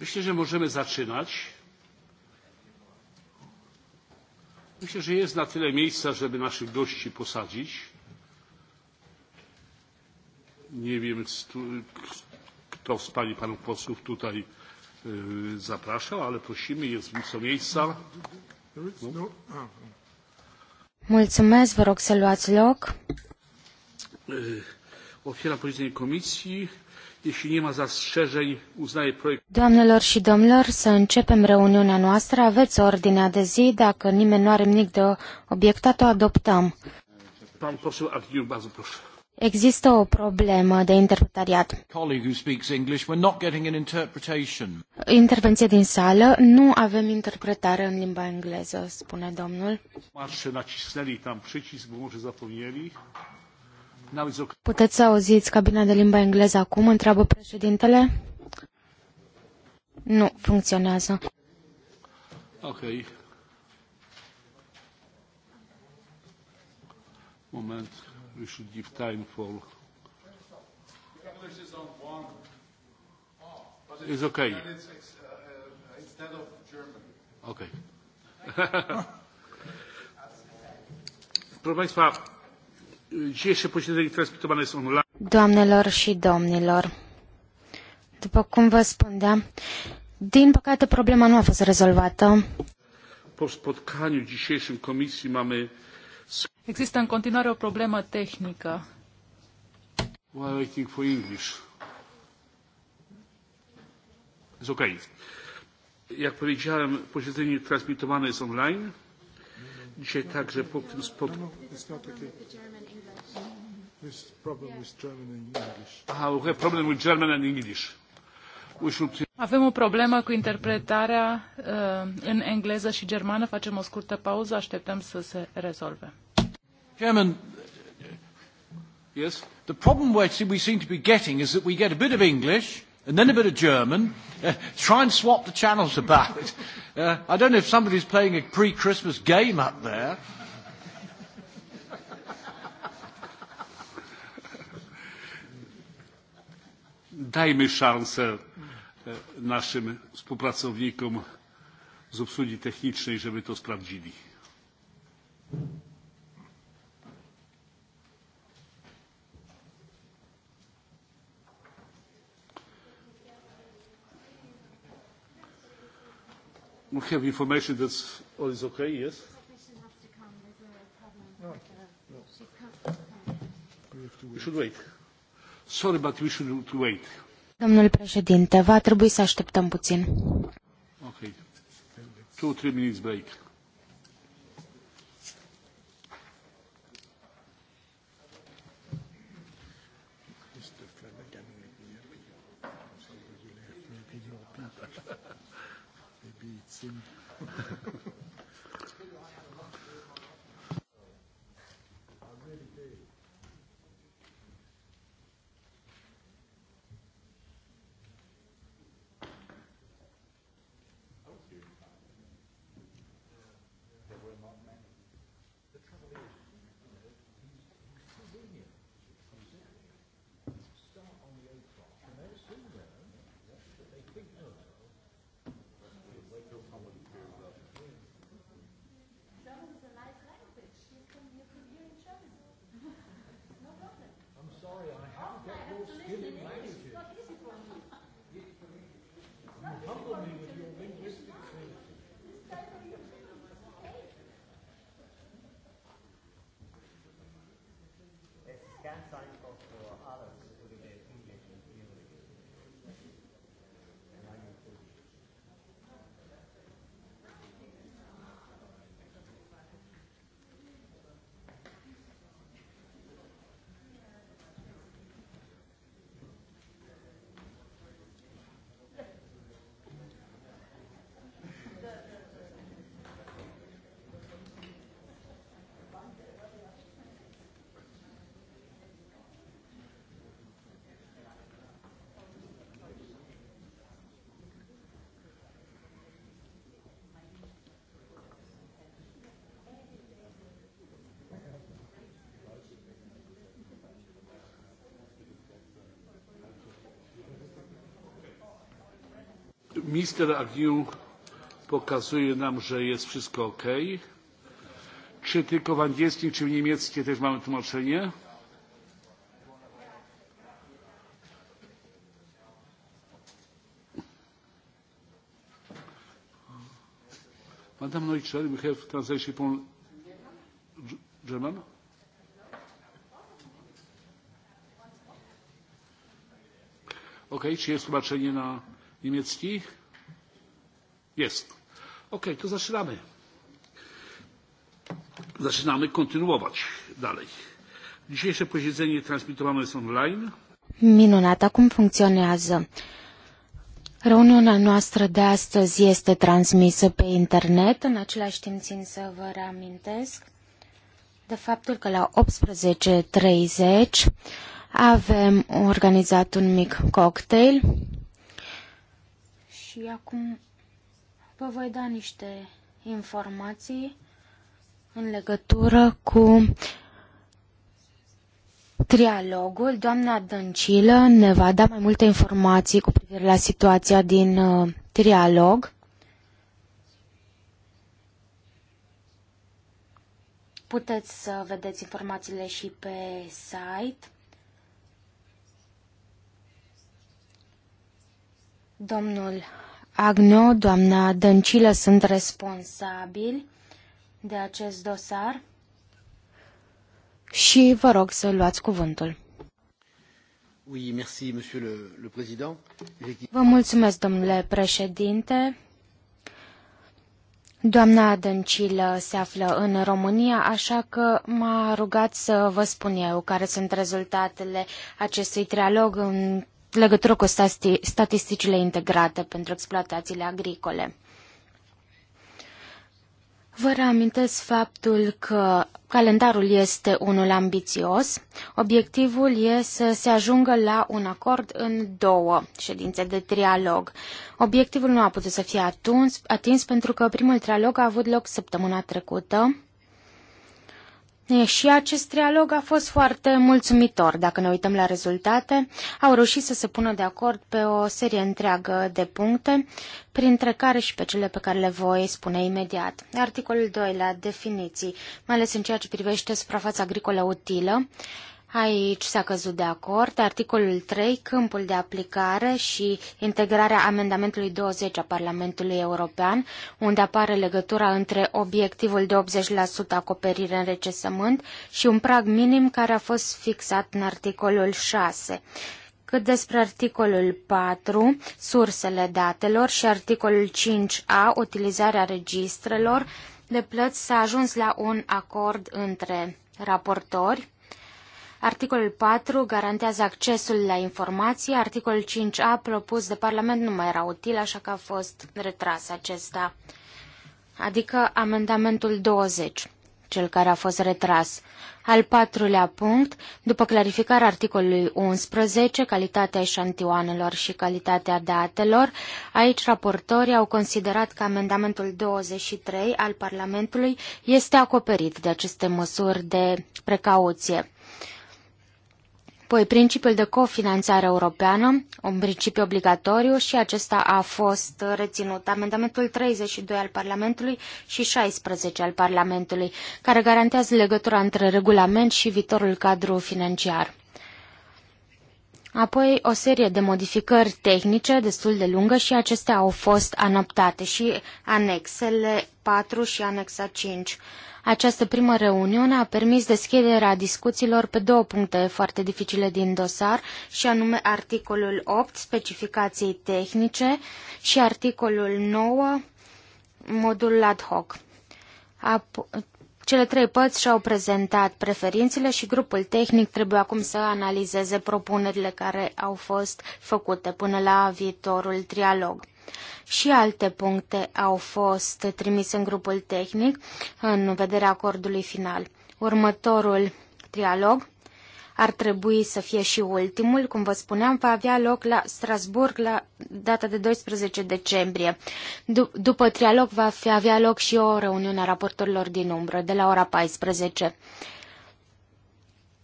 Myślę, że możemy zaczynać. Myślę, że jest na tyle miejsca, żeby naszych gości posadzić. Nie wiem, kto z pani panów posłów tutaj zapraszał, ale prosimy, jest co miejsca. No. Mulțumesc, vă rog să luați loc. Otwieram posiedzenie komisji. Doamnelor și domnilor, să începem reuniunea noastră. Aveți ordinea de zi. Dacă nimeni nu are nimic de obiectat, o adoptăm. Există o problemă de interpretariat. Intervenție din sală. Nu avem interpretare în limba engleză, spune domnul. Puteți să auziți cabina de limba engleză acum? Întreabă președintele. Nu funcționează. Ok. Moment. We should give time for... It's okay. Okay. Proszę Państwa, Doamnelor și domnilor, după cum vă spuneam, din păcate problema nu a fost rezolvată. Există în continuare o problemă tehnică. While waiting for English. It's okay. Jak powiedziałem, posiedzenie transmitowane jest online. Dzisiaj także po tym spotkaniu. This problem with German and English. Ah, we have problem with German and English. We should... Avem o problemă cu interpretarea uh, în engleză și germană. Facem o scurtă pauză, așteptăm să se rezolve. German, yes? The problem we seem to be getting is that we get a bit of English and then a bit of German. Uh, try and swap the channels about. Uh, I don't know if somebody's playing a pre-Christmas game up there. dajmy szansę naszym współpracownikom z obsługi technicznej, żeby to sprawdzili. We have information that all is okay, yes? We should wait. Sorry, but we should wait. Domnul președinte, va trebui să așteptăm puțin. Ok. Two, three minutes break. minister agnew pokazuje nam że jest wszystko ok. czy tylko w angielskim czy w niemieckim też mamy tłumaczenie? Madame Neutscher, we have translation from German. Ok, czy jest tłumaczenie na niemiecki? Jest. Ok, to zaczynamy. Zaczynamy kontynuować dalej. Dzisiejsze posiedzenie transmitowane jest online. Minunat, acum funcționează. Reuniunea noastră de astăzi este transmisă pe internet. În același timp țin să vă reamintesc de faptul că la 18.30 avem organizat un mic cocktail și acum vă voi da niște informații în legătură cu trialogul. Doamna Dăncilă ne va da mai multe informații cu privire la situația din uh, trialog. Puteți să vedeți informațiile și pe site. Domnul Agno, doamna Dăncilă sunt responsabili de acest dosar și vă rog să luați cuvântul. Oui, merci, monsieur le, le président. Vă mulțumesc, domnule președinte. Doamna Dăncilă se află în România, așa că m-a rugat să vă spun eu care sunt rezultatele acestui trialog în legătură cu statisticile integrate pentru exploatațiile agricole. Vă reamintesc faptul că calendarul este unul ambițios. Obiectivul e să se ajungă la un acord în două ședințe de trialog. Obiectivul nu a putut să fie atins, atins pentru că primul trialog a avut loc săptămâna trecută și acest trialog a fost foarte mulțumitor. Dacă ne uităm la rezultate, au reușit să se pună de acord pe o serie întreagă de puncte, printre care și pe cele pe care le voi spune imediat. Articolul 2 la definiții, mai ales în ceea ce privește suprafața agricolă utilă, Aici s-a căzut de acord articolul 3, câmpul de aplicare și integrarea amendamentului 20 a Parlamentului European, unde apare legătura între obiectivul de 80% acoperire în recesământ și un prag minim care a fost fixat în articolul 6 cât despre articolul 4, sursele datelor și articolul 5a, utilizarea registrelor de plăți, s-a ajuns la un acord între raportori Articolul 4 garantează accesul la informații, articolul 5a propus de Parlament nu mai era util, așa că a fost retras acesta, adică amendamentul 20, cel care a fost retras. Al patrulea punct, după clarificarea articolului 11, calitatea eșantioanelor și calitatea datelor, aici raportorii au considerat că amendamentul 23 al Parlamentului este acoperit de aceste măsuri de precauție. Apoi principiul de cofinanțare europeană, un principiu obligatoriu și acesta a fost reținut. Amendamentul 32 al Parlamentului și 16 al Parlamentului, care garantează legătura între regulament și viitorul cadru financiar. Apoi o serie de modificări tehnice destul de lungă și acestea au fost anoptate și anexele 4 și anexa 5. Această primă reuniune a permis deschiderea discuțiilor pe două puncte foarte dificile din dosar, și anume articolul 8, specificații tehnice, și articolul 9, modul ad hoc. Ap- cele trei părți și-au prezentat preferințele și grupul tehnic trebuie acum să analizeze propunerile care au fost făcute până la viitorul trialog. Și alte puncte au fost trimise în grupul tehnic în vederea acordului final. Următorul trialog ar trebui să fie și ultimul, cum vă spuneam, va avea loc la Strasburg la data de 12 decembrie. după trialog va fi avea loc și o reuniune a raportorilor din umbră, de la ora 14.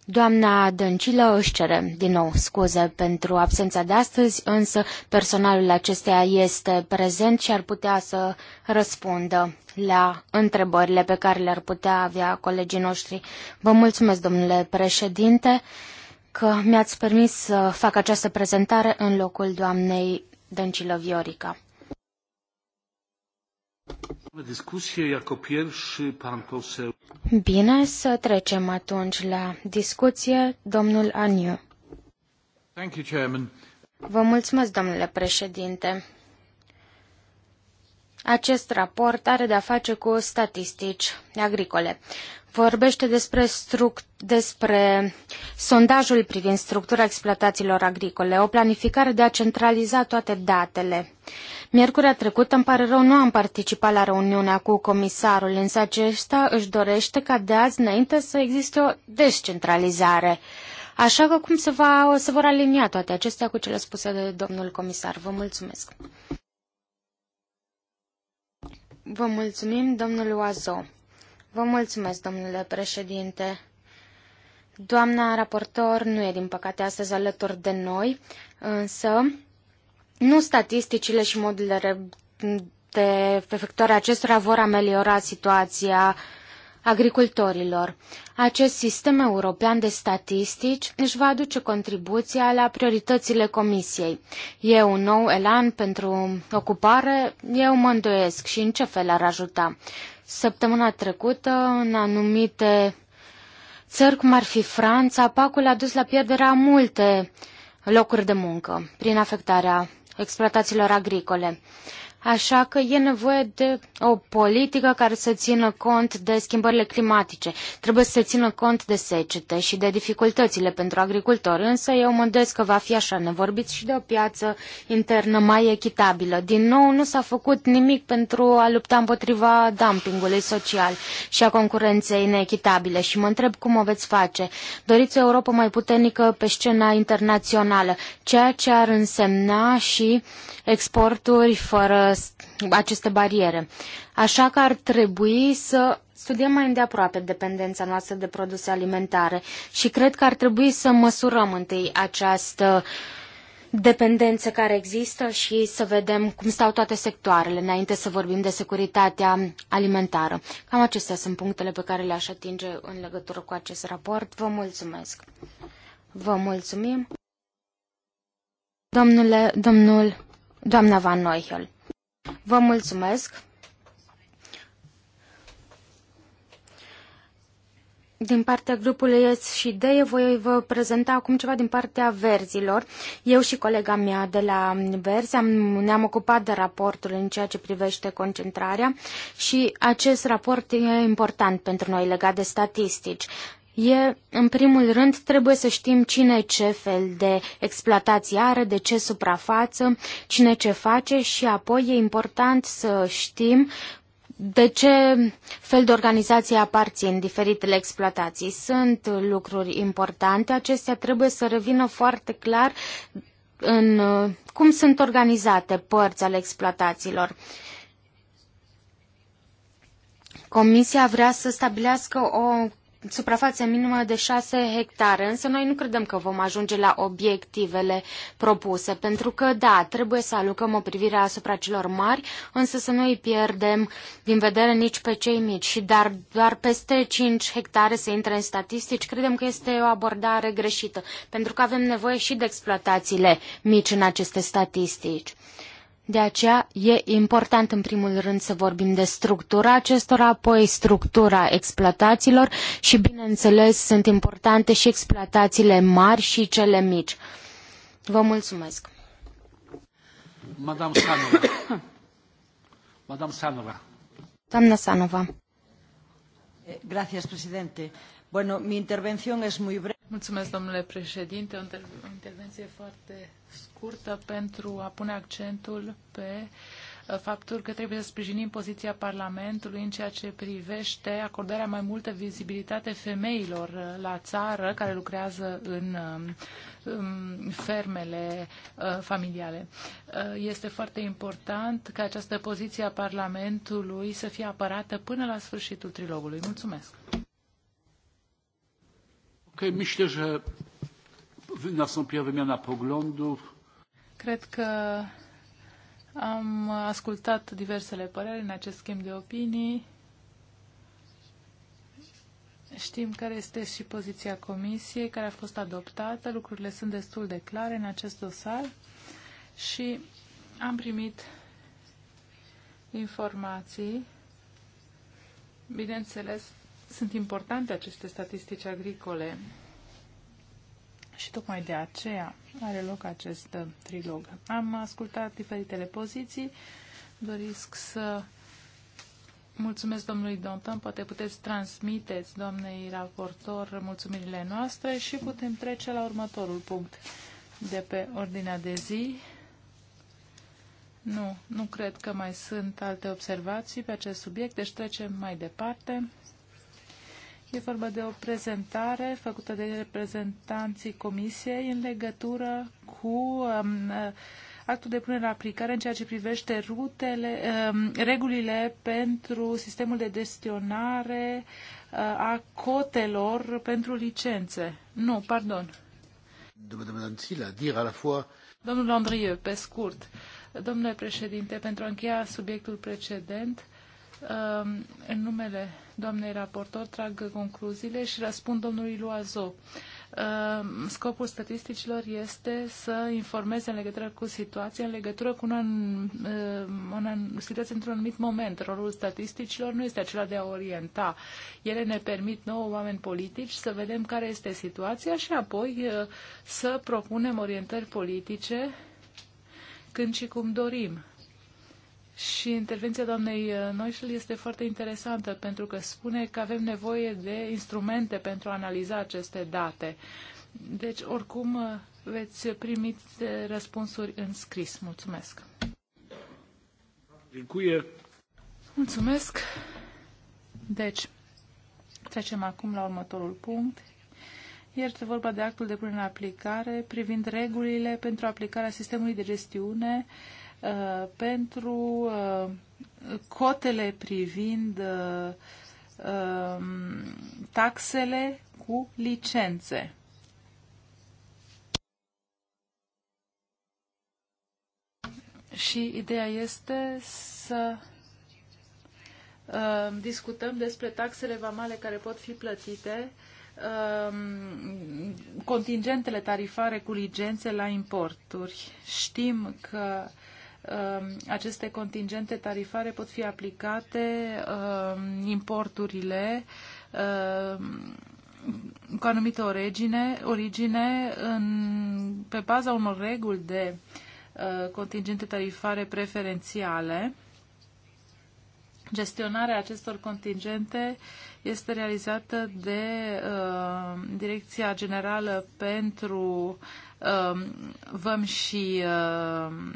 Doamna Dăncilă își cere din nou scuze pentru absența de astăzi, însă personalul acesteia este prezent și ar putea să răspundă la întrebările pe care le-ar putea avea colegii noștri. Vă mulțumesc, domnule președinte, că mi-ați permis să fac această prezentare în locul doamnei Dăncilă Viorica. Bine, să trecem atunci la discuție, domnul Aniu. Vă mulțumesc, domnule președinte. Acest raport are de-a face cu statistici agricole vorbește despre, despre sondajul privind structura exploatațiilor agricole, o planificare de a centraliza toate datele. Miercurea trecută, îmi pare rău, nu am participat la reuniunea cu comisarul, însă acesta își dorește ca de azi înainte să existe o descentralizare. Așa că cum se, va, se vor alinia toate acestea cu cele spuse de domnul comisar. Vă mulțumesc! Vă mulțumim, domnul Oazo. Vă mulțumesc, domnule președinte. Doamna raportor nu e din păcate astăzi alături de noi, însă nu statisticile și modurile de efectuare acestora vor ameliora situația agricultorilor. Acest sistem european de statistici își va aduce contribuția la prioritățile Comisiei. E un nou elan pentru ocupare? Eu mă îndoiesc și în ce fel ar ajuta. Săptămâna trecută, în anumite țări, cum ar fi Franța, pacul a dus la pierderea multe locuri de muncă prin afectarea exploatațiilor agricole. Așa că e nevoie de o politică care să țină cont de schimbările climatice. Trebuie să se țină cont de secete și de dificultățile pentru agricultori, însă eu mă îndoiesc că va fi așa. Ne vorbiți și de o piață internă mai echitabilă. Din nou, nu s-a făcut nimic pentru a lupta împotriva dumpingului social și a concurenței neechitabile și mă întreb cum o veți face. Doriți o Europa mai puternică pe scena internațională, ceea ce ar însemna și exporturi fără aceste bariere. Așa că ar trebui să studiem mai îndeaproape dependența noastră de produse alimentare și cred că ar trebui să măsurăm întâi această dependență care există și să vedem cum stau toate sectoarele înainte să vorbim de securitatea alimentară. Cam acestea sunt punctele pe care le-aș atinge în legătură cu acest raport. Vă mulțumesc! Vă mulțumim! Domnule, domnul, doamna Van Neuchel. Vă mulțumesc. Din partea grupului S și D, voi vă prezenta acum ceva din partea verzilor. Eu și colega mea de la Verzi am, ne-am ocupat de raportul în ceea ce privește concentrarea și acest raport e important pentru noi legat de statistici. E, în primul rând, trebuie să știm cine ce fel de exploatație are, de ce suprafață, cine ce face și apoi e important să știm de ce fel de organizație aparțin diferitele exploatații. Sunt lucruri importante, acestea trebuie să revină foarte clar în uh, cum sunt organizate părți ale exploatațiilor. Comisia vrea să stabilească o suprafață minimă de 6 hectare, însă noi nu credem că vom ajunge la obiectivele propuse, pentru că, da, trebuie să alucăm o privire asupra celor mari, însă să nu îi pierdem din vedere nici pe cei mici și dar doar peste 5 hectare să intre în statistici, credem că este o abordare greșită, pentru că avem nevoie și de exploatațiile mici în aceste statistici. De aceea e important în primul rând să vorbim de structura acestora, apoi structura exploatațiilor și bineînțeles sunt importante și exploatațiile mari și cele mici. Vă mulțumesc. Madame Sanova. Madame Sanova. Doamna Sanova. Eh, gracias, presidente. Bueno, mi intervención es muy breve. Mulțumesc, domnule președinte. O intervenție foarte scurtă pentru a pune accentul pe uh, faptul că trebuie să sprijinim poziția Parlamentului în ceea ce privește acordarea mai multă vizibilitate femeilor uh, la țară care lucrează în um, fermele uh, familiale. Este foarte important ca această poziție a Parlamentului să fie apărată până la sfârșitul trilogului. Mulțumesc! myślę, że nastąpiła wymiana poglądów. Cred că am ascultat diversele păreri în acest schimb de opinii. Știm care este și poziția comisiei care a fost adoptată. Lucrurile sunt destul de clare în acest dosar și am primit informații, bineînțeles, sunt importante aceste statistici agricole și tocmai de aceea are loc acest uh, trilog. Am ascultat diferitele poziții, doresc să mulțumesc domnului Dontan, poate puteți transmiteți doamnei raportor mulțumirile noastre și putem trece la următorul punct de pe ordinea de zi. Nu, nu cred că mai sunt alte observații pe acest subiect, deci trecem mai departe. E vorba de o prezentare făcută de reprezentanții Comisiei în legătură cu um, uh, actul de punere la aplicare în ceea ce privește rutele, um, regulile pentru sistemul de gestionare uh, a cotelor pentru licențe. Nu, pardon. Domnul Andrieu, pe scurt. Domnule președinte, pentru a încheia subiectul precedent, Um, în numele doamnei raportor trag concluziile și răspund domnului Luazo. Um, scopul statisticilor este să informeze în legătură cu situația, în legătură cu un um, situație într-un anumit moment. Rolul statisticilor nu este acela de a orienta. Ele ne permit nouă oameni politici să vedem care este situația și apoi uh, să propunem orientări politice când și cum dorim și intervenția doamnei uh, Noișel este foarte interesantă pentru că spune că avem nevoie de instrumente pentru a analiza aceste date. Deci, oricum, uh, veți primi uh, răspunsuri în scris. Mulțumesc! Mulțumesc! Deci, trecem acum la următorul punct. Iar Este vorba de actul de punere în aplicare privind regulile pentru aplicarea sistemului de gestiune uh, Uh, pentru uh, cotele privind uh, um, taxele cu licențe. Și ideea este să um, discutăm despre taxele vamale care pot fi plătite, um, contingentele tarifare cu licențe la importuri. Știm că Um, aceste contingente tarifare pot fi aplicate um, importurile um, cu anumită origine, origine în, pe baza unor reguli de uh, contingente tarifare preferențiale. Gestionarea acestor contingente este realizată de uh, Direcția Generală pentru uh, Văm și uh,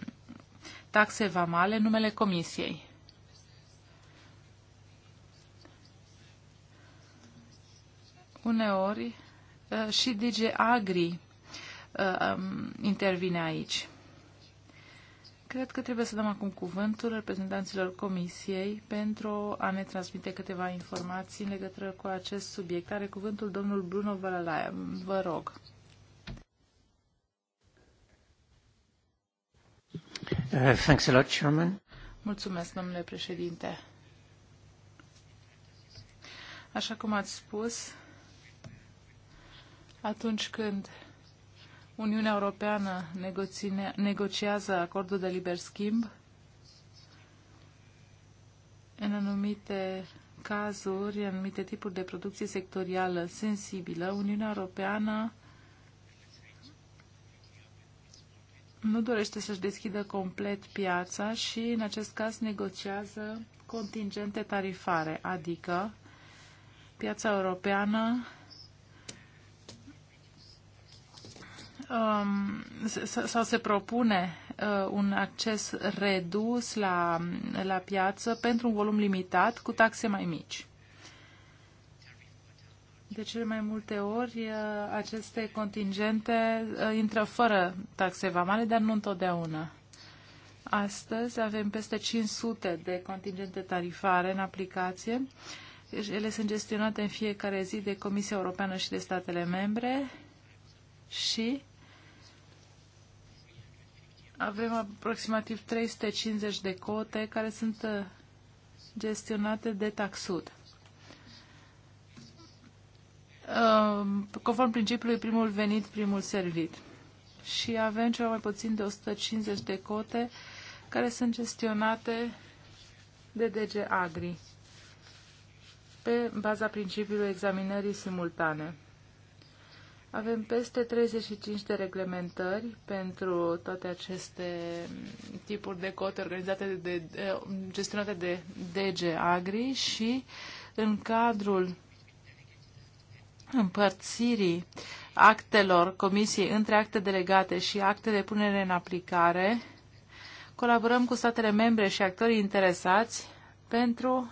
taxe vamale în numele Comisiei. Uneori uh, și DG Agri uh, um, intervine aici. Cred că trebuie să dăm acum cuvântul reprezentanților Comisiei pentru a ne transmite câteva informații în legătură cu acest subiect. Are cuvântul domnul Bruno Valalaia. Vă rog. Mulțumesc, domnule președinte. Așa cum ați spus, atunci când Uniunea Europeană negociază acordul de liber schimb, în anumite cazuri, în anumite tipuri de producție sectorială sensibilă, Uniunea Europeană nu dorește să-și deschidă complet piața și, în acest caz, negociază contingente tarifare, adică piața europeană um, sau se propune uh, un acces redus la, la piață pentru un volum limitat cu taxe mai mici. De cele mai multe ori, uh, aceste contingente uh, intră fără taxe vamale, dar nu întotdeauna. Astăzi avem peste 500 de contingente tarifare în aplicație. Deci, ele sunt gestionate în fiecare zi de Comisia Europeană și de statele membre și avem aproximativ 350 de cote care sunt uh, gestionate de taxud. Uh, conform principiului primul venit, primul servit. Și avem ceva mai puțin de 150 de cote care sunt gestionate de DG Agri pe baza principiului examinării simultane. Avem peste 35 de reglementări pentru toate aceste tipuri de cote organizate de, de, gestionate de DG Agri și în cadrul împărțirii actelor Comisiei între acte delegate și acte de punere în aplicare, colaborăm cu statele membre și actorii interesați pentru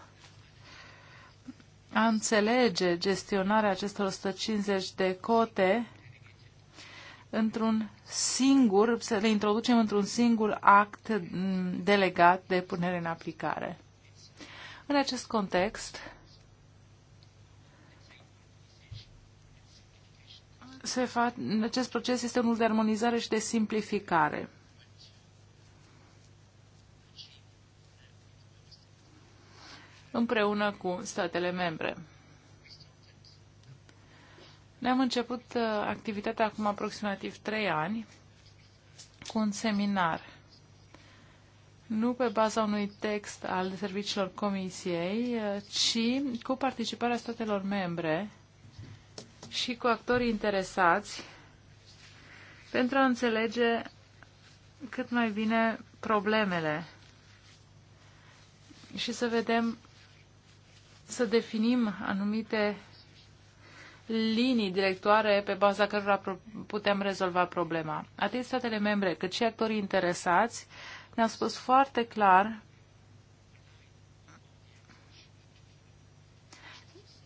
a înțelege gestionarea acestor 150 de cote într-un singur, să le introducem într-un singur act mm, delegat de punere în aplicare. În acest context, se fa- acest proces este unul de armonizare și de simplificare. împreună cu statele membre. Ne-am început uh, activitatea acum aproximativ 3 ani cu un seminar. Nu pe baza unui text al serviciilor comisiei, uh, ci cu participarea statelor membre și cu actorii interesați pentru a înțelege cât mai bine problemele și să vedem, să definim anumite linii directoare pe baza cărora putem rezolva problema. Atât statele membre cât și actorii interesați ne-au spus foarte clar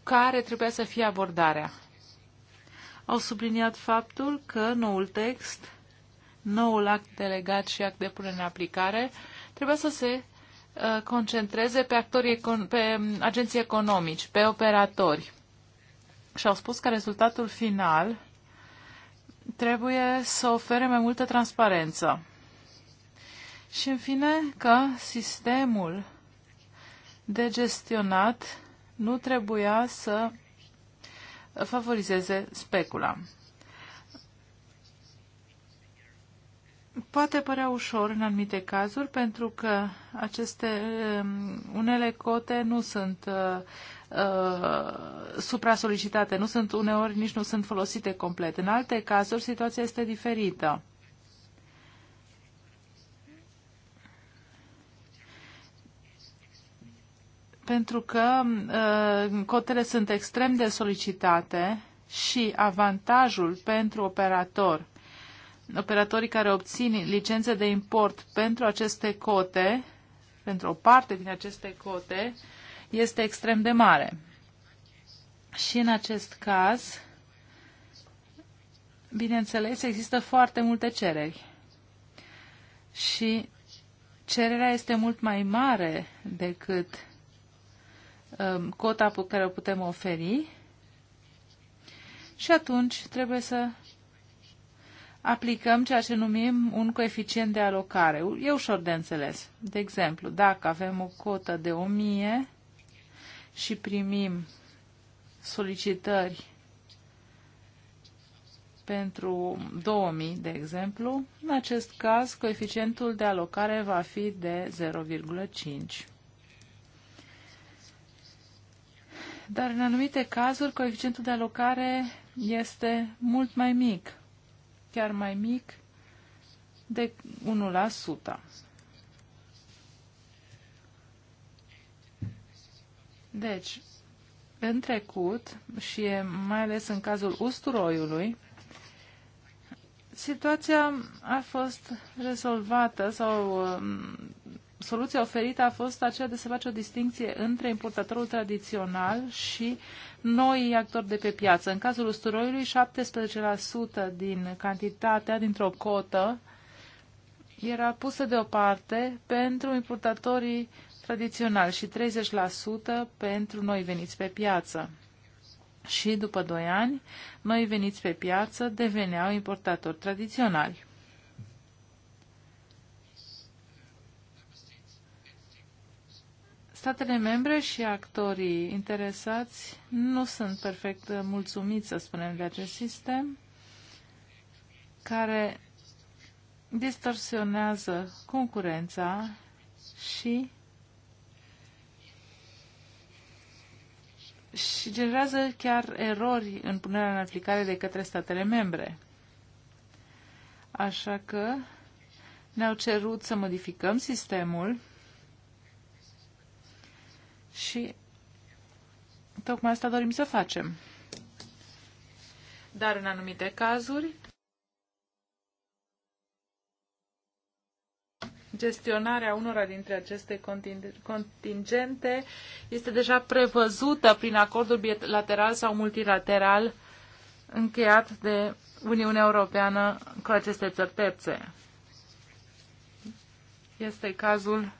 care trebuia să fie abordarea au subliniat faptul că noul text, noul act delegat și act de punere în aplicare, trebuie să se uh, concentreze pe, actorii, pe agenții economici, pe operatori. Și au spus că rezultatul final trebuie să ofere mai multă transparență. Și, în fine, că sistemul de gestionat nu trebuia să favorizeze specula. Poate părea ușor în anumite cazuri, pentru că aceste um, unele cote nu sunt uh, uh, supra-solicitate, nu sunt uneori nici nu sunt folosite complet. În alte cazuri, situația este diferită. pentru că uh, cotele sunt extrem de solicitate și avantajul pentru operator, operatorii care obțin licențe de import pentru aceste cote, pentru o parte din aceste cote, este extrem de mare. Și în acest caz, bineînțeles, există foarte multe cereri. Și cererea este mult mai mare decât Um, cota pe care o putem oferi și atunci trebuie să aplicăm ceea ce numim un coeficient de alocare. E ușor de înțeles. De exemplu, dacă avem o cotă de 1000 și primim solicitări pentru 2000, de exemplu, în acest caz coeficientul de alocare va fi de 0,5. dar în anumite cazuri coeficientul de alocare este mult mai mic, chiar mai mic de 1%. Deci, în trecut și mai ales în cazul usturoiului, situația a fost rezolvată sau um, soluția oferită a fost aceea de să face o distinție între importatorul tradițional și noi actori de pe piață. În cazul usturoiului, 17% din cantitatea, dintr-o cotă, era pusă deoparte pentru importatorii tradiționali și 30% pentru noi veniți pe piață. Și după 2 ani, noi veniți pe piață deveneau importatori tradiționali. Statele membre și actorii interesați nu sunt perfect mulțumiți, să spunem, de acest sistem care distorsionează concurența și și generează chiar erori în punerea în aplicare de către statele membre. Așa că ne-au cerut să modificăm sistemul și tocmai asta dorim să facem. Dar în anumite cazuri, gestionarea unora dintre aceste contingente este deja prevăzută prin acordul bilateral sau multilateral încheiat de Uniunea Europeană cu aceste țări terțe. Este cazul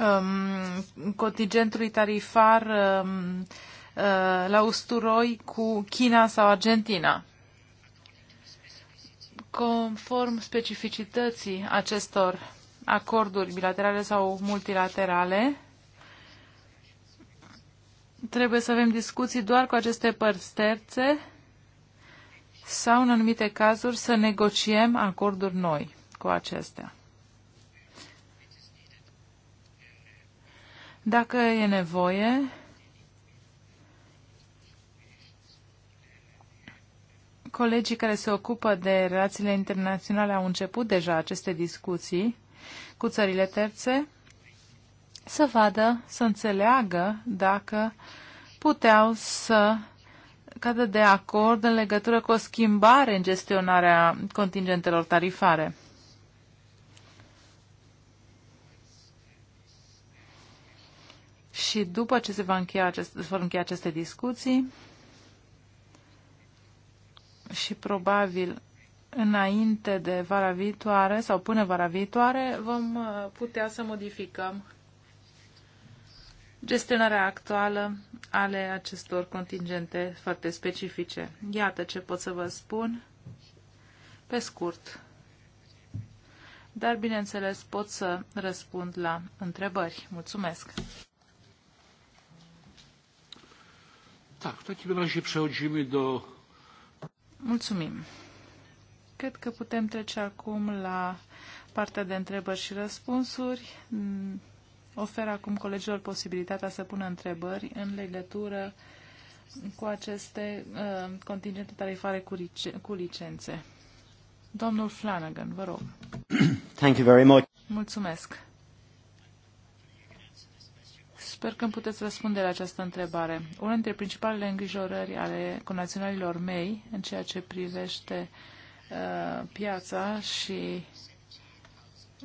um, contingentului tarifar um, uh, la usturoi cu China sau Argentina. Conform specificității acestor acorduri bilaterale sau multilaterale, trebuie să avem discuții doar cu aceste părți terțe sau, în anumite cazuri, să negociem acorduri noi cu acestea. Dacă e nevoie, colegii care se ocupă de relațiile internaționale au început deja aceste discuții cu țările terțe, să vadă, să înțeleagă dacă puteau să cadă de acord în legătură cu o schimbare în gestionarea contingentelor tarifare. și după ce se, va încheia acest, se vor încheia aceste discuții și probabil înainte de vara viitoare sau până vara viitoare vom uh, putea să modificăm gestionarea actuală ale acestor contingente foarte specifice. Iată ce pot să vă spun pe scurt. Dar, bineînțeles, pot să răspund la întrebări. Mulțumesc! Tak, w takim razie przechodzimy do... Mulțumim. Cred că putem trece acum la partea de întrebări și răspunsuri. Ofer acum colegilor posibilitatea să pună întrebări în legătură cu aceste uh, contingente tarifare cu, lice- cu licențe. Domnul Flanagan, vă rog. Thank you very much. Mulțumesc. Sper că îmi puteți răspunde la această întrebare. Una dintre principalele îngrijorări ale conaționalilor mei în ceea ce privește uh, piața și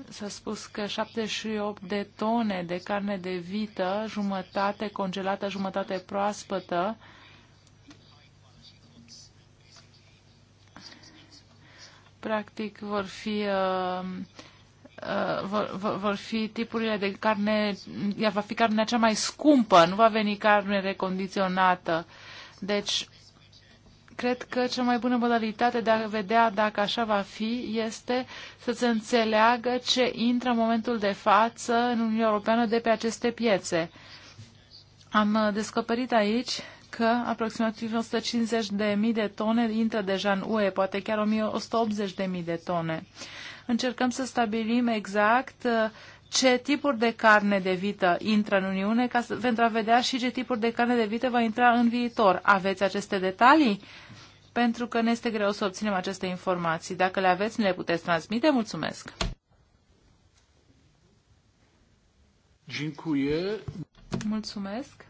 s-a spus că 78 de tone de carne de vită, jumătate congelată, jumătate proaspătă, practic vor fi uh, Uh, vor, vor, vor fi tipurile de carne, ea va fi carnea cea mai scumpă, nu va veni carne recondiționată. Deci, cred că cea mai bună modalitate de a vedea dacă așa va fi este să se înțeleagă ce intră în momentul de față în Uniunea Europeană de pe aceste piețe. Am uh, descoperit aici că aproximativ 150.000 de tone intră deja în UE, poate chiar 1.180.000 de tone încercăm să stabilim exact uh, ce tipuri de carne de vită intră în Uniune ca să, pentru a vedea și ce tipuri de carne de vită va intra în viitor. Aveți aceste detalii? Pentru că ne este greu să obținem aceste informații. Dacă le aveți, ne le puteți transmite. Mulțumesc! Dziękuję. Mulțumesc.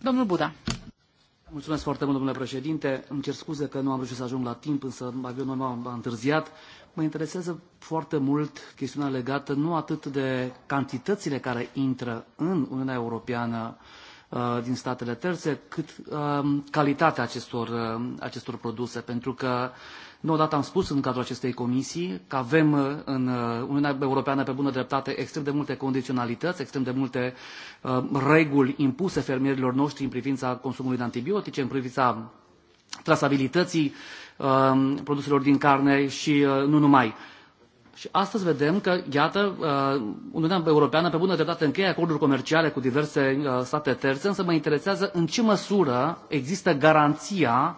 Domnul Buda. Mulțumesc foarte mult, domnule președinte. Îmi cer scuze că nu am reușit să ajung la timp, însă avionul meu a întârziat. Mă interesează foarte mult chestiunea legată nu atât de cantitățile care intră în Uniunea Europeană uh, din statele terțe, cât uh, calitatea acestor, uh, acestor produse, pentru că uh, nu odată am spus în cadrul acestei comisii că avem uh, în uh, Uniunea Europeană pe bună dreptate extrem de multe condiționalități, extrem de multe uh, reguli impuse fermierilor noștri în privința consumului de antibiotice, în privința trasabilității um, produselor din carne și nu numai. Și astăzi vedem că, iată, Uniunea Europeană, pe bună dreptate, încheie acorduri comerciale cu diverse state terțe, însă mă interesează în ce măsură există garanția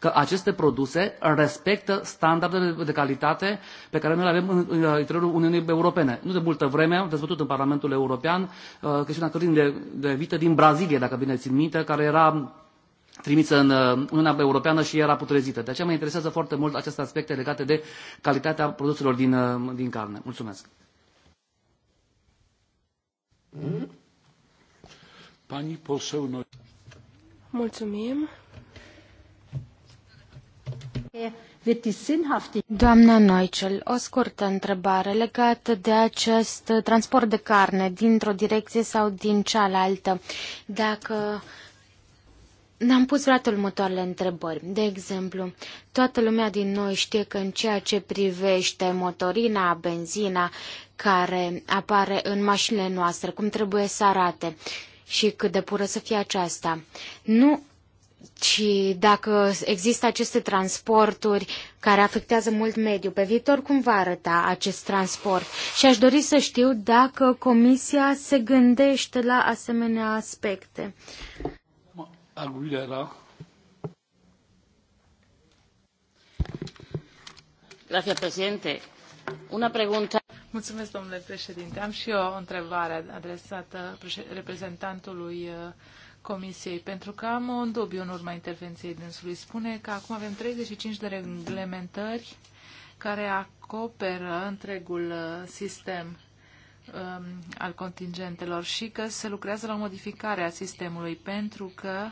că aceste produse respectă standardele de calitate pe care noi le avem în, în interiorul Uniunii Europene. Nu de multă vreme am dezbătut în Parlamentul European uh, chestiunea cărnii de, de vită din Brazilia, dacă bine țin minte, care era trimisă în uh, Uniunea Europeană și era putrezită. De aceea mă interesează foarte mult aceste aspecte legate de calitatea produselor din, uh, din carne. Mulțumesc. Hmm? Pani poseł... Mulțumim. Doamna Noicel, o scurtă întrebare legată de acest transport de carne dintr-o direcție sau din cealaltă. Dacă ne-am pus vreodată următoarele întrebări. De exemplu, toată lumea din noi știe că în ceea ce privește motorina, benzina care apare în mașinile noastre, cum trebuie să arate și cât de pură să fie aceasta. Nu și dacă există aceste transporturi care afectează mult mediul pe viitor, cum va arăta acest transport? Și aș dori să știu dacă Comisia se gândește la asemenea aspecte. Aguilera. Grazie, Una pregunta. Mulțumesc, domnule președinte. Am și eu o întrebare adresată reprezentantului uh, Comisiei, pentru că am un dubiu în urma intervenției dânsului. Spune că acum avem 35 de reglementări care acoperă întregul uh, sistem um, al contingentelor și că se lucrează la modificarea sistemului pentru că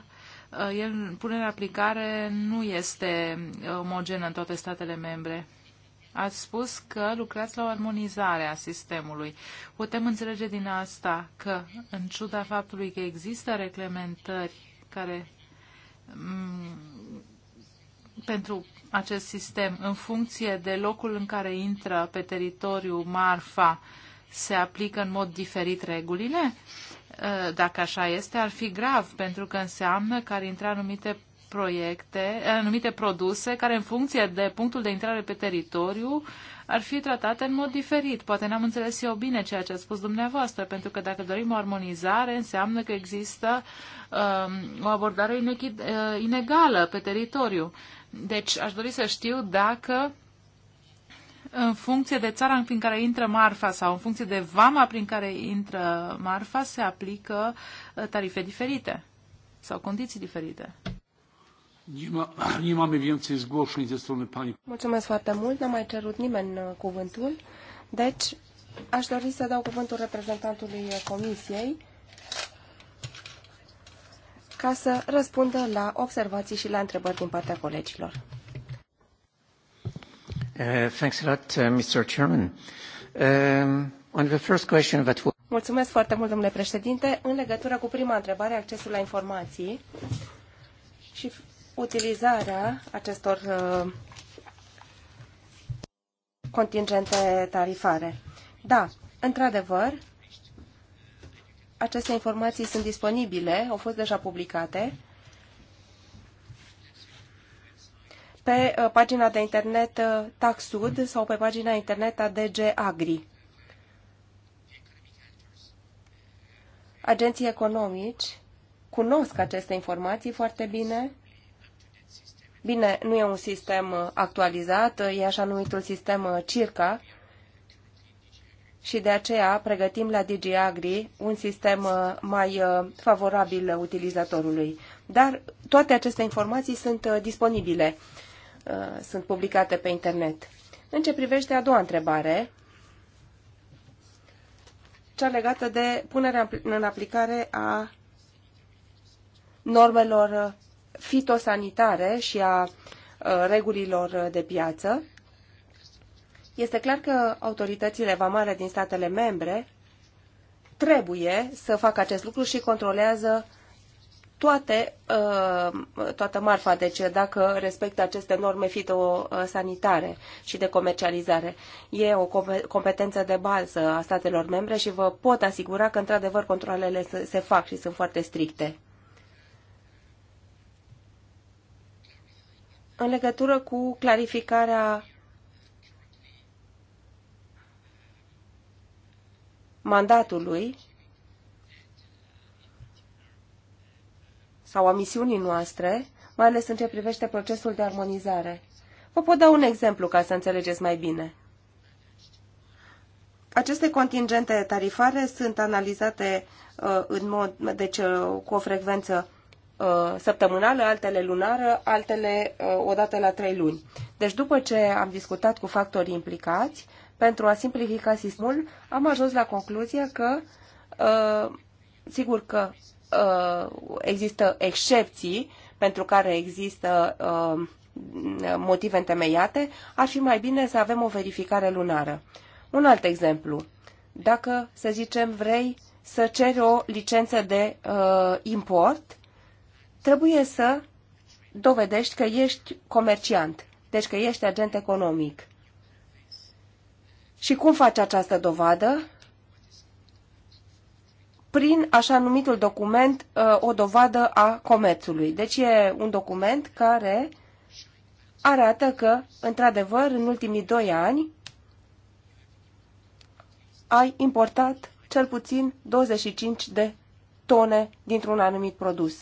uh, el, punerea în aplicare nu este uh, omogenă în toate statele membre. Ați spus că lucrați la o armonizare a sistemului. Putem înțelege din asta că, în ciuda faptului că există reglementări care mm, pentru acest sistem, în funcție de locul în care intră pe teritoriu marfa, se aplică în mod diferit regulile? Ă, dacă așa este, ar fi grav, pentru că înseamnă că ar intra anumite proiecte, eh, anumite produse care în funcție de punctul de intrare pe teritoriu ar fi tratate în mod diferit. Poate n-am înțeles eu bine ceea ce a spus dumneavoastră, pentru că dacă dorim o armonizare, înseamnă că există um, o abordare eh, inegală pe teritoriu. Deci aș dori să știu dacă în funcție de țara prin care intră marfa sau în funcție de vama prin care intră marfa, se aplică eh, tarife diferite sau condiții diferite. Nie mamy więcej zgłoszeń ze strony pani. Mulțumesc foarte mult, n-a mai cerut nimeni uh, cuvântul. Deci, aș dori să dau cuvântul reprezentantului uh, comisiei ca să răspundă la observații și la întrebări din partea colegilor. Uh, thanks a lot, Mr. Chairman. Um, on the first question that... Mulțumesc foarte mult, domnule președinte. În legătură cu prima întrebare, accesul la informații și utilizarea acestor uh, contingente tarifare. Da, într-adevăr, aceste informații sunt disponibile, au fost deja publicate pe uh, pagina de internet uh, TaxSud sau pe pagina internet a DG Agri. Agenții economici cunosc aceste informații foarte bine Bine, nu e un sistem uh, actualizat, e așa numitul sistem uh, CIRCA și de aceea pregătim la DigiAgri un sistem uh, mai favorabil utilizatorului. Dar toate aceste informații sunt disponibile, sunt publicate pe internet. În ce privește a doua întrebare, cea legată de punerea în aplicare a normelor fitosanitare și a uh, regulilor de piață. Este clar că autoritățile vamale din statele membre trebuie să facă acest lucru și controlează toate, uh, toată marfa, deci dacă respectă aceste norme fitosanitare și de comercializare. E o competență de bază a statelor membre și vă pot asigura că, într-adevăr, controlele se fac și sunt foarte stricte. în legătură cu clarificarea mandatului sau a misiunii noastre, mai ales în ce privește procesul de armonizare. Vă pot da un exemplu ca să înțelegeți mai bine. Aceste contingente tarifare sunt analizate uh, în mod, deci, uh, cu o frecvență Uh, săptămânală, altele lunară, altele uh, o dată la trei luni. Deci după ce am discutat cu factorii implicați, pentru a simplifica sistemul, am ajuns la concluzia că, uh, sigur că există excepții pentru care există motive întemeiate, ar fi mai bine să avem o verificare lunară. Un alt exemplu. Dacă, să zicem, vrei să ceri o licență de uh, import trebuie să dovedești că ești comerciant, deci că ești agent economic. Și cum faci această dovadă? Prin așa numitul document, uh, o dovadă a comerțului. Deci e un document care arată că, într-adevăr, în ultimii doi ani ai importat cel puțin 25 de tone dintr-un anumit produs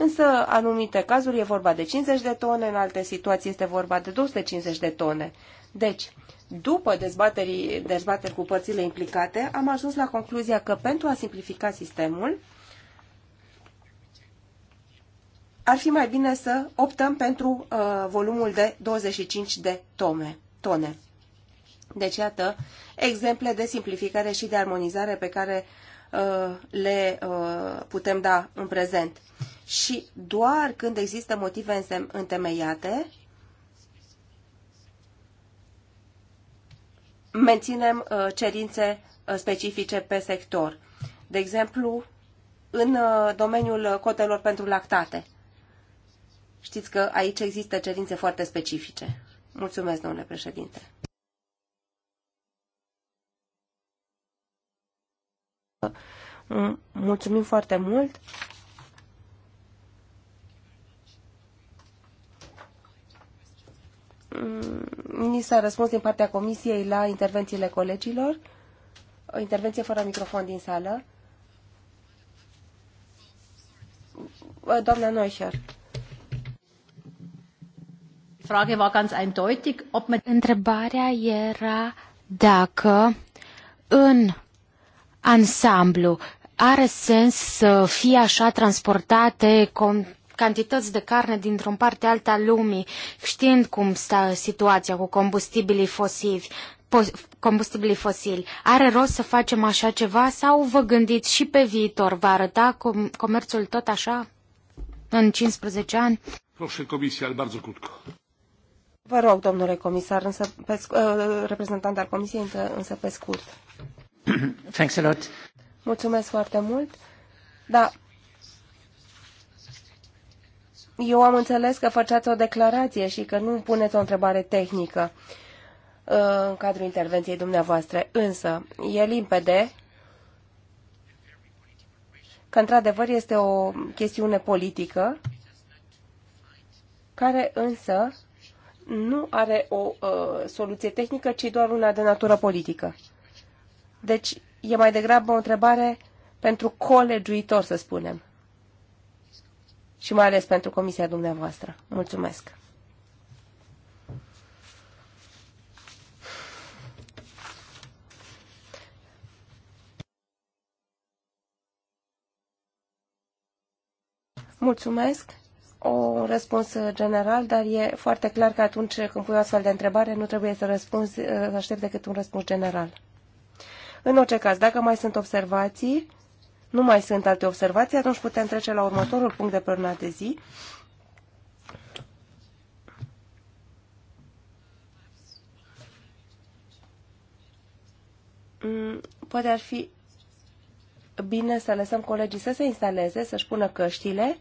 însă anumite cazuri e vorba de 50 de tone, în alte situații este vorba de 250 de tone. Deci, după dezbaterii, dezbateri cu părțile implicate, am ajuns la concluzia că pentru a simplifica sistemul, ar fi mai bine să optăm pentru uh, volumul de 25 de tome, tone. Deci, iată, exemple de simplificare și de armonizare pe care uh, le uh, putem da în prezent și doar când există motive întemeiate, menținem uh, cerințe uh, specifice pe sector. De exemplu, în uh, domeniul cotelor pentru lactate. Știți că aici există cerințe foarte specifice. Mulțumesc, domnule președinte. Mulțumim foarte mult. ni s-a răspuns din partea Comisiei la intervențiile colegilor. O intervenție fără microfon din sală. Doamna Neucher. Întrebarea era dacă în ansamblu are sens să fie așa transportate cantități de carne dintr-o parte alta a lumii, știind cum stă situația cu combustibilii fosili, combustibilii fosili. Are rost să facem așa ceva sau vă gândiți și pe viitor? Va arăta com- comerțul tot așa în 15 ani? Proșe comisia, bardzo krótko. Vă rog, domnule comisar, însă pe, ă, reprezentant al comisiei, însă pe scurt. Thanks a lot. Mulțumesc foarte mult. Da, eu am înțeles că făceați o declarație și că nu puneți o întrebare tehnică uh, în cadrul intervenției dumneavoastră, însă e limpede că într-adevăr este o chestiune politică care însă nu are o uh, soluție tehnică, ci doar una de natură politică. Deci e mai degrabă o întrebare pentru colegiuitor, să spunem și mai ales pentru comisia dumneavoastră. Mulțumesc! Mulțumesc! o răspuns general, dar e foarte clar că atunci când pui o astfel de întrebare, nu trebuie să răspunzi, să aștept decât un răspuns general. În orice caz, dacă mai sunt observații, nu mai sunt alte observații, atunci putem trece la următorul punct de pe de zi. Mm, poate ar fi bine să lăsăm colegii să se instaleze, să-și pună căștile.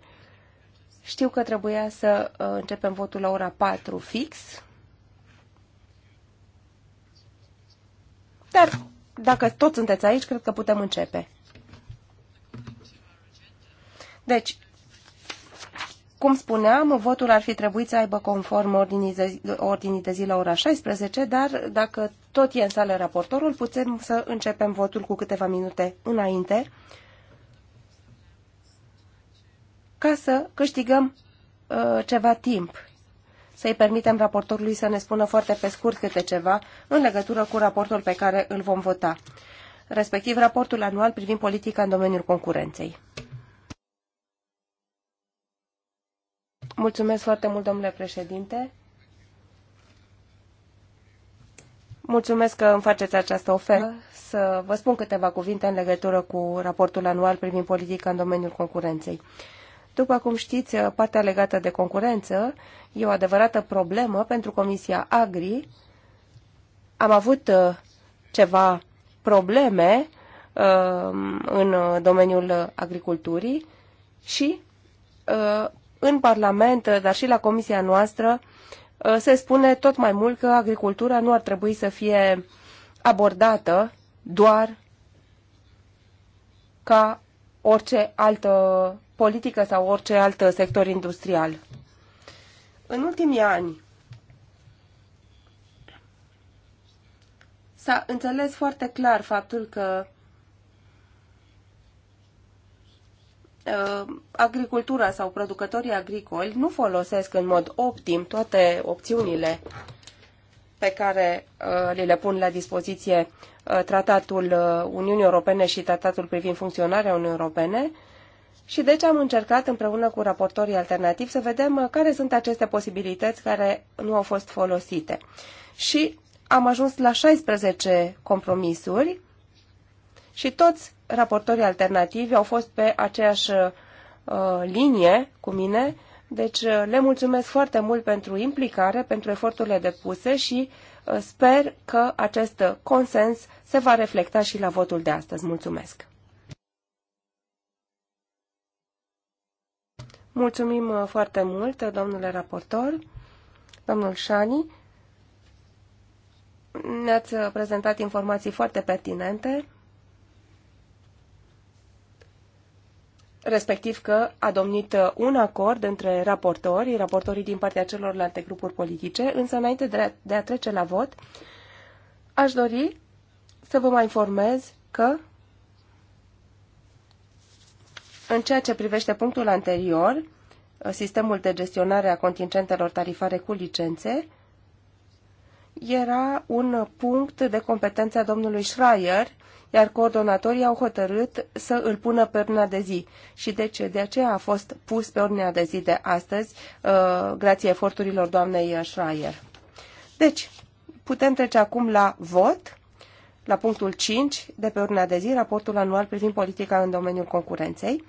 Știu că trebuia să uh, începem votul la ora 4 fix. Dar dacă toți sunteți aici, cred că putem începe. Deci, cum spuneam, votul ar fi trebuit să aibă conform ordinii de, ordinii de zi la ora 16, dar dacă tot e în sală raportorul, putem să începem votul cu câteva minute înainte ca să câștigăm uh, ceva timp, să-i permitem raportorului să ne spună foarte pe scurt câte ceva în legătură cu raportul pe care îl vom vota, respectiv raportul anual privind politica în domeniul concurenței. Mulțumesc foarte mult, domnule președinte. Mulțumesc că îmi faceți această ofertă să vă spun câteva cuvinte în legătură cu raportul anual privind politica în domeniul concurenței. După cum știți, partea legată de concurență e o adevărată problemă pentru Comisia Agri. Am avut uh, ceva probleme uh, în domeniul agriculturii și uh, în Parlament, uh, dar și la comisia noastră, uh, se spune tot mai mult că agricultura nu ar trebui să fie abordată doar ca orice altă politică sau orice alt sector industrial. În ultimii ani s-a înțeles foarte clar faptul că Uh, agricultura sau producătorii agricoli nu folosesc în mod optim toate opțiunile pe care uh, li le pun la dispoziție uh, tratatul Uniunii Europene și tratatul privind funcționarea Uniunii Europene, și deci am încercat împreună cu raportorii alternativi să vedem care sunt aceste posibilități care nu au fost folosite. Și am ajuns la 16 compromisuri și toți raportorii alternativi au fost pe aceeași uh, linie cu mine, deci uh, le mulțumesc foarte mult pentru implicare, pentru eforturile depuse și uh, sper că acest consens se va reflecta și la votul de astăzi. Mulțumesc! Mulțumim uh, foarte mult, domnule raportor, domnul Șani. Ne-ați uh, prezentat informații foarte pertinente. respectiv că a domnit uh, un acord între raportori, raportorii din partea celorlalte grupuri politice, însă înainte de a, de a trece la vot, aș dori să vă mai informez că în ceea ce privește punctul anterior, uh, sistemul de gestionare a contingentelor tarifare cu licențe, era un punct de competență a domnului Schreier, iar coordonatorii au hotărât să îl pună pe ordinea de zi. Și ce? de aceea a fost pus pe ordinea de zi de astăzi, uh, grație eforturilor doamnei Schreier. Deci, putem trece acum la vot, la punctul 5 de pe ordinea de zi, raportul anual privind politica în domeniul concurenței.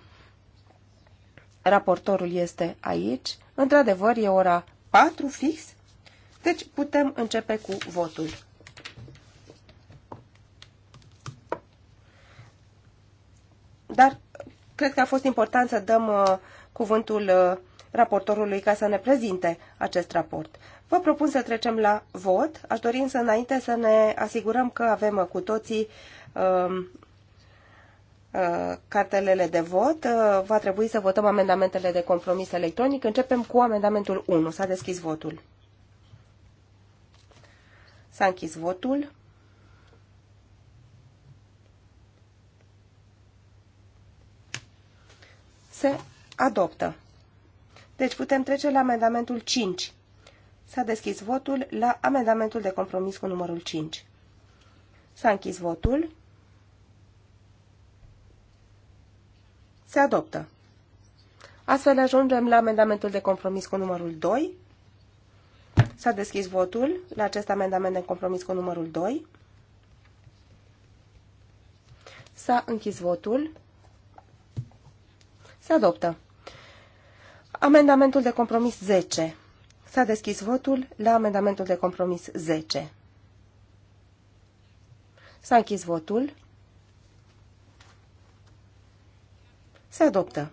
Raportorul este aici. Într-adevăr, e ora 4 fix, deci putem începe cu votul. Dar cred că a fost important să dăm uh, cuvântul uh, raportorului ca să ne prezinte acest raport. Vă propun să trecem la vot. Aș dori însă înainte să ne asigurăm că avem uh, cu toții um, cartelele de vot. va trebui să votăm amendamentele de compromis electronic. Începem cu amendamentul 1. S-a deschis votul. S-a închis votul. se adoptă. Deci putem trece la amendamentul 5. S-a deschis votul la amendamentul de compromis cu numărul 5. S-a închis votul. Se adoptă. Astfel ajungem la amendamentul de compromis cu numărul 2. S-a deschis votul la acest amendament de compromis cu numărul 2. S-a închis votul. Se adoptă. Amendamentul de compromis 10. S-a deschis votul la amendamentul de compromis 10. S-a închis votul. Se adoptă.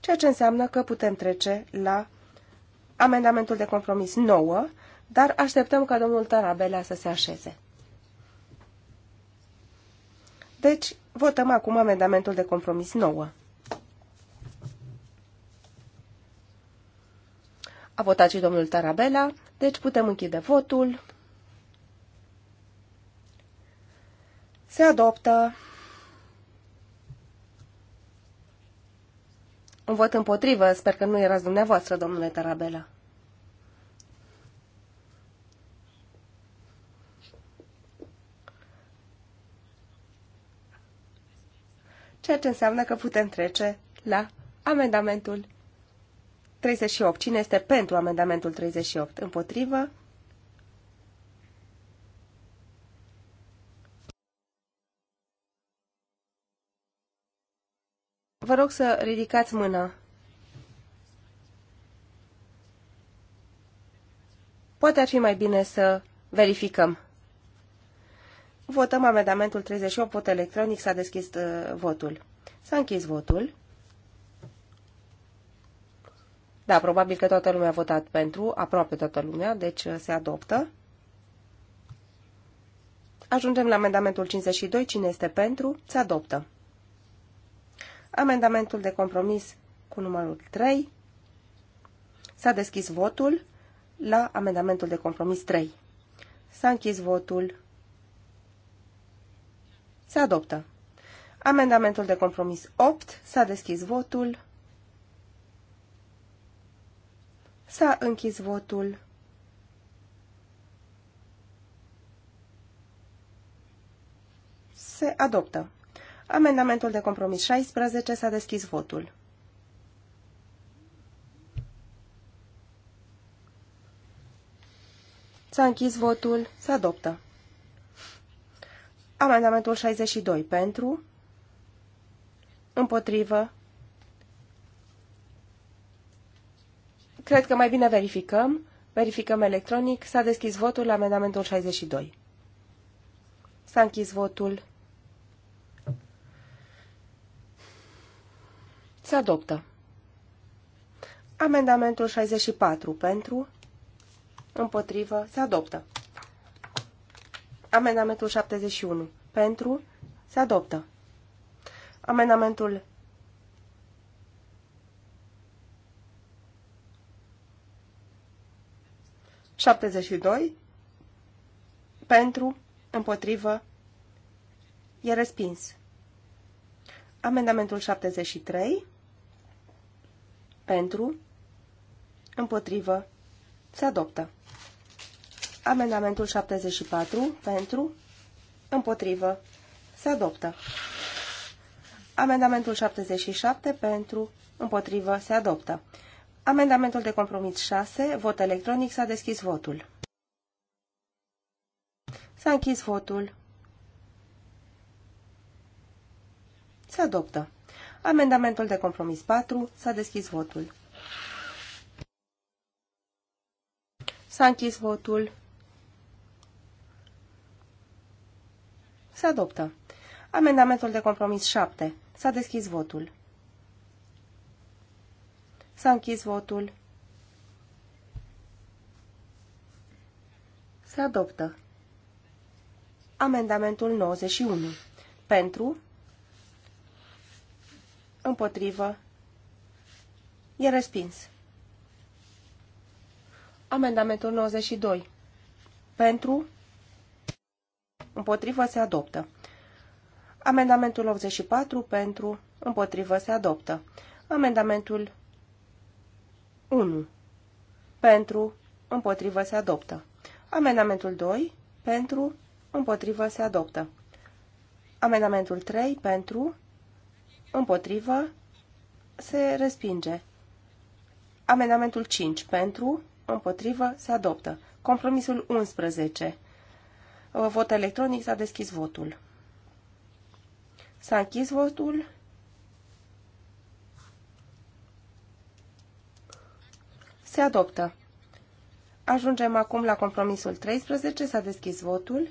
Ceea ce înseamnă că putem trece la amendamentul de compromis 9, dar așteptăm ca domnul Tarabela să se așeze. Deci, votăm acum amendamentul de compromis 9. A votat și domnul Tarabela, deci putem închide votul. Se adoptă un vot împotrivă. Sper că nu erați dumneavoastră, domnule Tarabela. Ceea ce înseamnă că putem trece la amendamentul 38. Cine este pentru amendamentul 38? Împotrivă? Vă rog să ridicați mâna. Poate ar fi mai bine să verificăm. Votăm amendamentul 38, vot electronic, s-a deschis uh, votul. S-a închis votul. Da, probabil că toată lumea a votat pentru, aproape toată lumea, deci uh, se adoptă. Ajungem la amendamentul 52. Cine este pentru? Se adoptă. Amendamentul de compromis cu numărul 3. S-a deschis votul la amendamentul de compromis 3. S-a închis votul. Se adoptă. Amendamentul de compromis 8. S-a deschis votul. S-a închis votul. Se adoptă. Amendamentul de compromis 16 s-a deschis votul. S-a închis votul. Se adoptă. Amendamentul 62 pentru. Împotrivă. Cred că mai bine verificăm. Verificăm electronic. S-a deschis votul la amendamentul 62. S-a închis votul. Se adoptă. Amendamentul 64 pentru, împotrivă, se adoptă. Amendamentul 71 pentru, se adoptă. Amendamentul 72 pentru, împotrivă, e respins. Amendamentul 73 pentru, împotrivă, se adoptă. Amendamentul 74 pentru, împotrivă, se adoptă. Amendamentul 77 pentru, împotrivă, se adoptă. Amendamentul de compromis 6, vot electronic, s-a deschis votul. S-a închis votul. Se adoptă. Amendamentul de compromis 4, s-a deschis votul. S-a închis votul. Se adoptă. Amendamentul de compromis 7. S-a deschis votul. S-a închis votul. Se adoptă. Amendamentul 91. Pentru. Împotrivă. E respins. Amendamentul 92. Pentru. Împotrivă se adoptă. Amendamentul 84. Pentru. Împotrivă se adoptă. Amendamentul 1. Pentru, împotrivă, se adoptă. Amendamentul 2. Pentru, împotrivă, se adoptă. Amendamentul 3. Pentru, împotrivă, se respinge. Amendamentul 5. Pentru, împotrivă, se adoptă. Compromisul 11. Vot electronic s-a deschis votul. S-a închis votul. Se adoptă. Ajungem acum la compromisul 13. S-a deschis votul.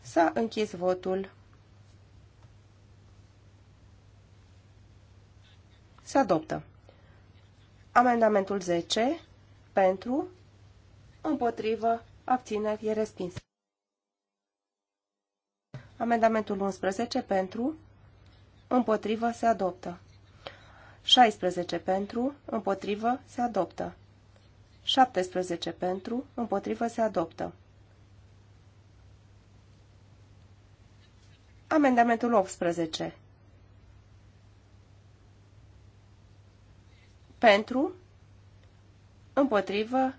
S-a închis votul. Se adoptă. Amendamentul 10. Pentru. Împotrivă. Abțineri. E respins. Amendamentul 11. Pentru. Împotrivă. Se adoptă. 16 pentru, împotrivă, se adoptă. 17 pentru, împotrivă, se adoptă. Amendamentul 18. Pentru, împotrivă,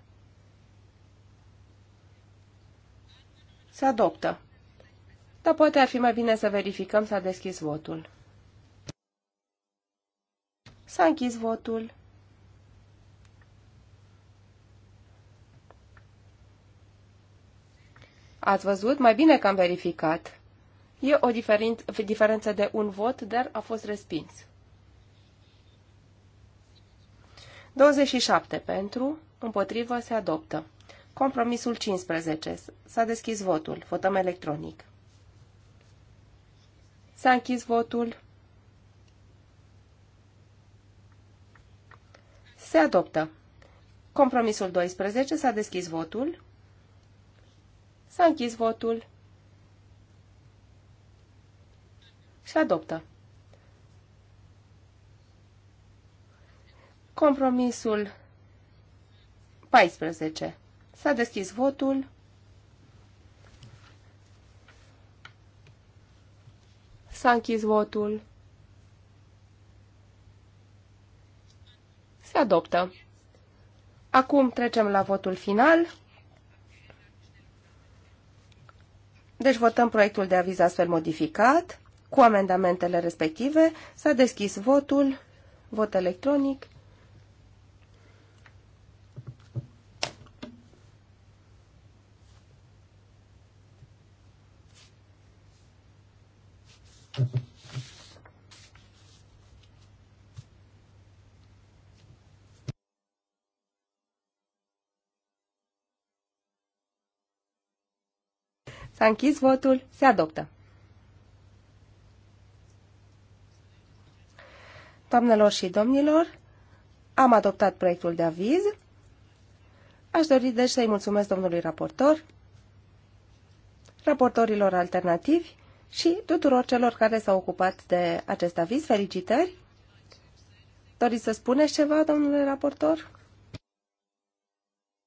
se adoptă. Dar poate ar fi mai bine să verificăm s-a deschis votul. S-a închis votul. Ați văzut? Mai bine că am verificat. E o diferență de un vot, dar a fost respins. 27 pentru, împotrivă se adoptă. Compromisul 15. S-a deschis votul. Votăm electronic. S-a închis votul. Se adoptă. Compromisul 12. S-a deschis votul. S-a închis votul. Se adoptă. Compromisul 14. S-a deschis votul. S-a închis votul. Se adoptă. Acum trecem la votul final. Deci votăm proiectul de aviz astfel modificat. Cu amendamentele respective s-a deschis votul, vot electronic. Thank you. S-a închis votul. Se adoptă. Doamnelor și domnilor, am adoptat proiectul de aviz. Aș dori deci să-i mulțumesc domnului raportor, raportorilor alternativi și tuturor celor care s-au ocupat de acest aviz. Felicitări! Doriți să spuneți ceva, domnule raportor?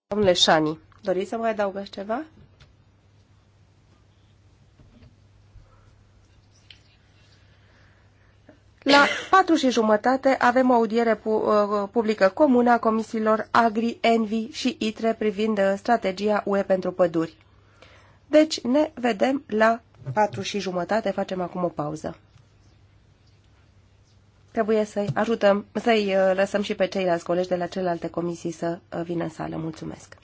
Domnule Șani, doriți să mai adaugați ceva? La patru și jumătate avem o audiere uh, publică comună a comisiilor Agri, Envi și ITRE privind uh, strategia UE pentru păduri. Deci ne vedem la patru și jumătate, facem acum o pauză. Trebuie să-i ajutăm, să-i uh, lăsăm și pe ceilalți colegi de la celelalte comisii să vină în sală. Mulțumesc!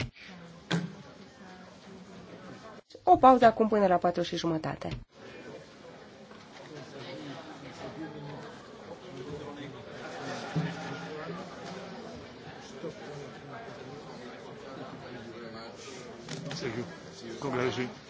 O pauză acum până la patru și jumătate. Sergiu. Congratulations.